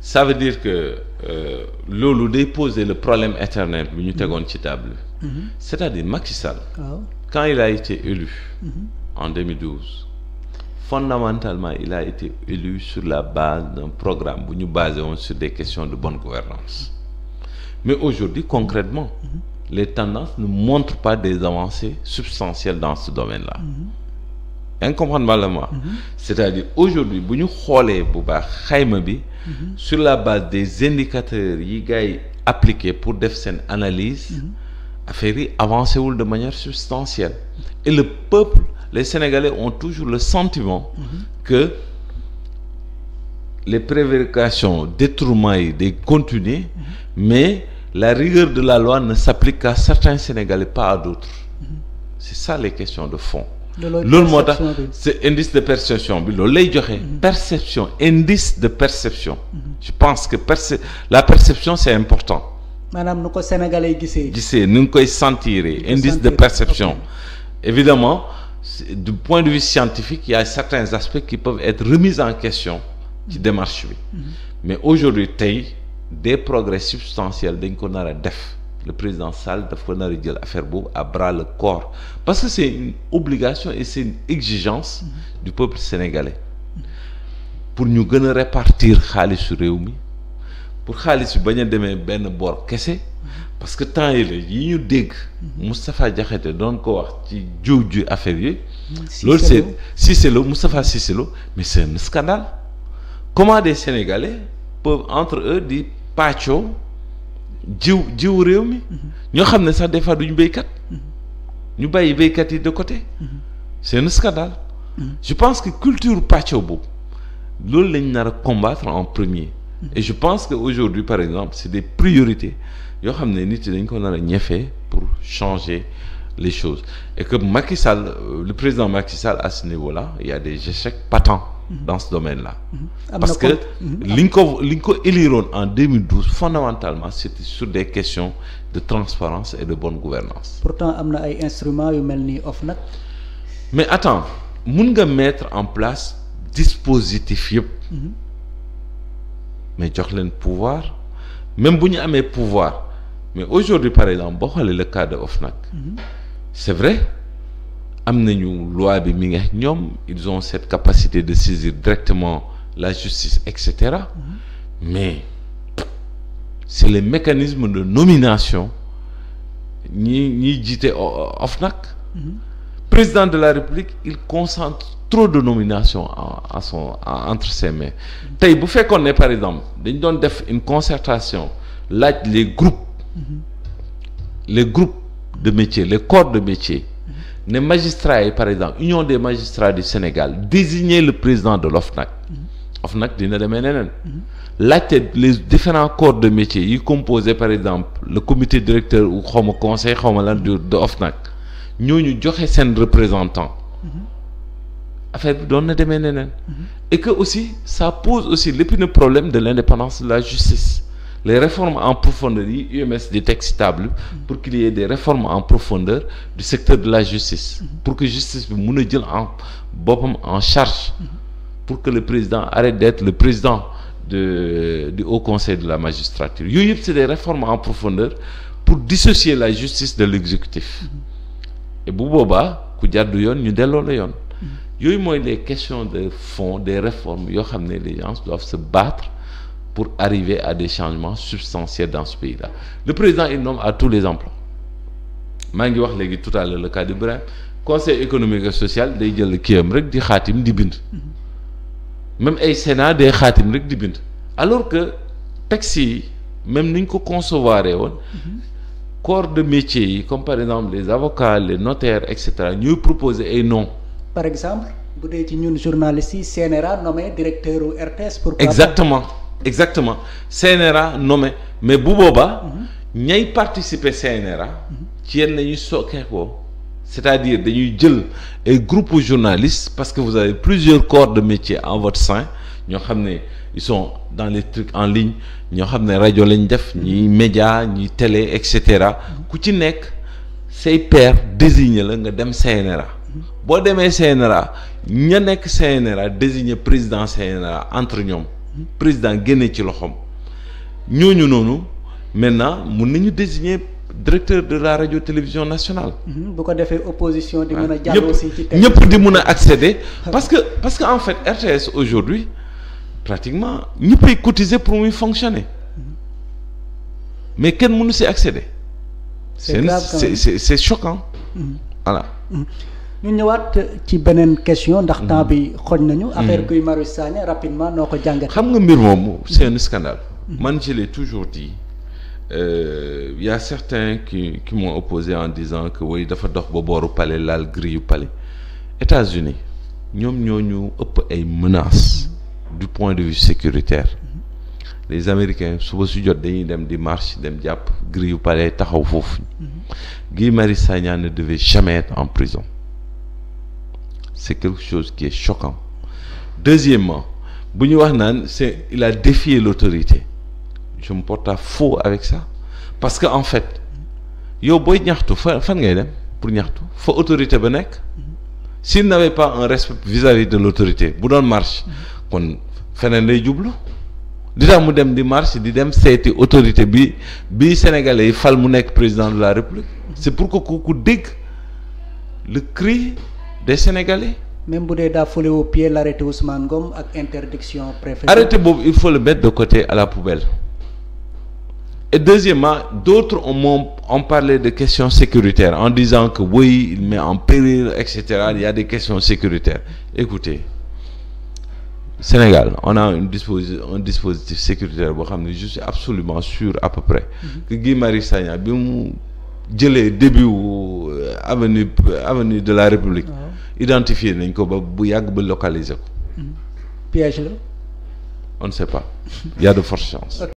ça veut dire que euh, loolu day poser le problème éternel bu ñu tegoon ci table bi mhm. Mhm. c'est-à-dire Macky Sall waaw quand il a été élu mhm. en fondamentalement il a été élu sur la base d'un programme bu ñu basé sur des questions de bonne gouvernance mais aujourd'hui concrètement les tendances ne montrent pas des avancées substantielles dans ce domaine-là yaa ngi comprendre ma la mm-hmm. c'est-à-dire aujourd'hui bu ñu xoolee bu baax xayma bi mm-hmm. sur la base des indicateurs yi gars yi pour def seen analyse mm-hmm. affaires yi avancé wul de manière substantielle et le peuple les Sénégalais ont toujours le sentiment que les prévarications détournements yi day continuer mais la rigueur de la loi ne s'applique qu'à certains Sénégalais pas à d'autres c'est ça les questions de fond loolu moo tax c'est indice de perception bi loolu lay joxe mm-hmm. perception indice de perception mm-hmm. je pense que perce la perception c'est important maanaam nu ko sénégal sénégalais gisee gisee nu ngi koy sentiree indice de perception évidemment du point de vue scientifique il y a certains aspects qui peuvent être remis en question ci mm-hmm. démarche bi mais aujourd'hui tey des progrès substantiels dañ ko nar def le président Sall dafa nar a jël affaire boobu à bras corps parce que c'est une obligation et c'est une exigence mm-hmm. du peuple sénégalais pour ñu gën a répartir xaalisu réew mi pour xaalis bi bañ a demee benn bor kese mm-hmm. parce que temps yi ñu dégg mm-hmm. Moustapha Diakhaté doon ko wax ci jiw ju affaire yi loolu c'est Cissé Lo Moustapha mais c'est un scandale comment des Sénégalais peuvent entre eux di pàccoo jiw jiw réew mi mm-hmm. ñoo xam ne sax des fois duñu béykat mm-hmm. ñu bàyyi béykat yi de côté mm-hmm. c'est un scandale je pense que culture pàccoo boobu loolu lañ nar a combattre en premier et je pense que aujourd'hui par exemple c'est des priorités yoo xam ne nit yi dañ ko nar a ñefee pour changer les choses et que Macky Sall euh, le président Macky Sall à ce niveau-là il y a des échecs patents Mm-hmm. dans ce domaine-là. Mm-hmm. parce que mm-hmm. li nga ko li ñu ko éliroon en 2012 fondamentalement c'était sur des questions de transparence et de bonne gouvernance pourtant am na ay instruments yu mel ni nag mais attends mun nga mettre en place dispositif yëpp. mais jox leen pouvoir même bu ñu amee pouvoir mais aujourd'hui par exemple boo xoolee le cas de nag c'est vrai. am nañu loi bi mi ngi ñoom ils ont cette capacité de saisir directement la justice et cetera mm-hmm. mais c'est le mécanisme de nomination ñi ñiy jiite OFNAC mm-hmm. président de la République il concentre trop de nominations à son à, entre ses mains mm-hmm. tey bu fekkoon ne par exemple dañ doon def une concertation laaj les groupes mm -hmm. groupes de métier les corps de métier ne magistrats yi par exemple union des magistrats du Sénégal désigner le président de l'OFNAC mm-hmm. OFNAC dina demee neneen laajte les différents corps de métier yi composé par exemple le comité directeur ou xawma conseil xawma lan du de OFNAC ñu joxe seen représentant mm-hmm. affaire bi doon na demee neneen mm-hmm. et que aussi ça pose aussi l'épineux problème de l'indépendance de la justice les réformes en profondeur yi UMS di teg ci table pour qu'il y ait des réformes en profondeur du secteur de la justice pour que justice bi mun a jël en boppam en charge pour que le président arrête d'être le président de du Haut Conseil de la magistrature yooyu yëpp c'est des réformes en profondeur pour dissocier la justice de l'exécutif et bu boobaa ku jàddu yoon ñu delloo la yoon yooyu mooy les questions de fond des réformes yoo xam ne les gens doivent pour arriver à des changements substantiels dans ce pays-là le président il nomme à tous les emplois maa ngi wax léegi tout à l'heure le cas d'Ibrahim conseil économique et social day jël kiyam rek di xaatim di bind même ay sénat day xaatim rek di bind alors que texte yi même ni ñu ko concevoir woon corps de métier yi comme par exemple les avocats les notaires et cetera ñooy proposer ay noms par exemple bu dee ci ñun journalistes yi CNRA nommé directeur u RTS pour exactement CNRA nommé mais bu booba ñay participer CNRA. ci yéen la ñuy sookeekoo c'est-à-dire dañuy jël ay groupe journaliste parce que vous avez plusieurs corps de métier en votre sein ñoo xam ne ils dans les trucs en ligne ñoo xam ne rajo lañ def ñuy média ñuy télé et cetera ku ci nekk say pair désigné la nga dem CNRA. boo demee CNRA ña nekk CNRA désigné président CNRA entre ñoom. président génne ci loxoom ñooñu noonu maintenant mun nañu désigner directeur de la radio télévision nationale. Mhm, bu ko defee opposition di mën a jàll aussi ñëpp di mun a accéder. parce que parce que en fait RTS aujourd'hui pratiquement ñëppay cotiser pour muy fonctionner mhm. mais kenn mënu si accéder. c'est c'est choquant. Mhm. voilà. ñu ñëwaat ci beneen question ndax temps bi mm-hmm. xooj nañu. Mm-hmm. affaire Guy Marius Sagna rapidement noo ko jàngatee. xam nga mbir moom mm-hmm. seen un scandale. man je l'ai toujours dit euh, y a certains ki moo m'ont opposé en disant que way dafa dox ba booru palais laal grille yu palais États-Unis ñoom ñoo ñu ëpp ay menaces du point de vue sécuritaire les Américains suba su jot dañuy dem di marche dem jàpp grille yu palais taxaw foofu Guy Marius Sagna ne devait jamais être en prison. c'est quelque chose qui est choquant deuxièmement bu ñu wax naan c'est il a défié l'autorité je me porte à faux avec ça parce que en fait yow booy ñaxtu fa fan ngay dem pour ñaxtu fa autorité ba nekk s'il n'avait pas un respect vis-à-vis de l'autorité bu doon marche kon feneen lay jublu di tax mu dem di marche di dem seeti autorité bi bi sénégalais yi fal mu nekk président de la république c'est pour que ku ku dégg des Sénégalais. même bu dee daa foulé au pied l'arrêté Ousmane Ngom ak interdiction préfet. arrêté boobu il faut le mettre de côté à la poubelle et deuxièmement d'autres ont ont parlé de questions sécuritaires en disant que oui il met en péril et cetera il y a des questions sécuritaires écoutez Sénégal on a une un dispositif sécuritaire boo xam ne je suis absolument sûr à peu près que Guy Marius Sagna bi mu jëlee début euh, euh, avenue de la République. identifier nañ ko ba bu yàgg ba localiser ko. piège la. on ne sait pas y de fortes chances.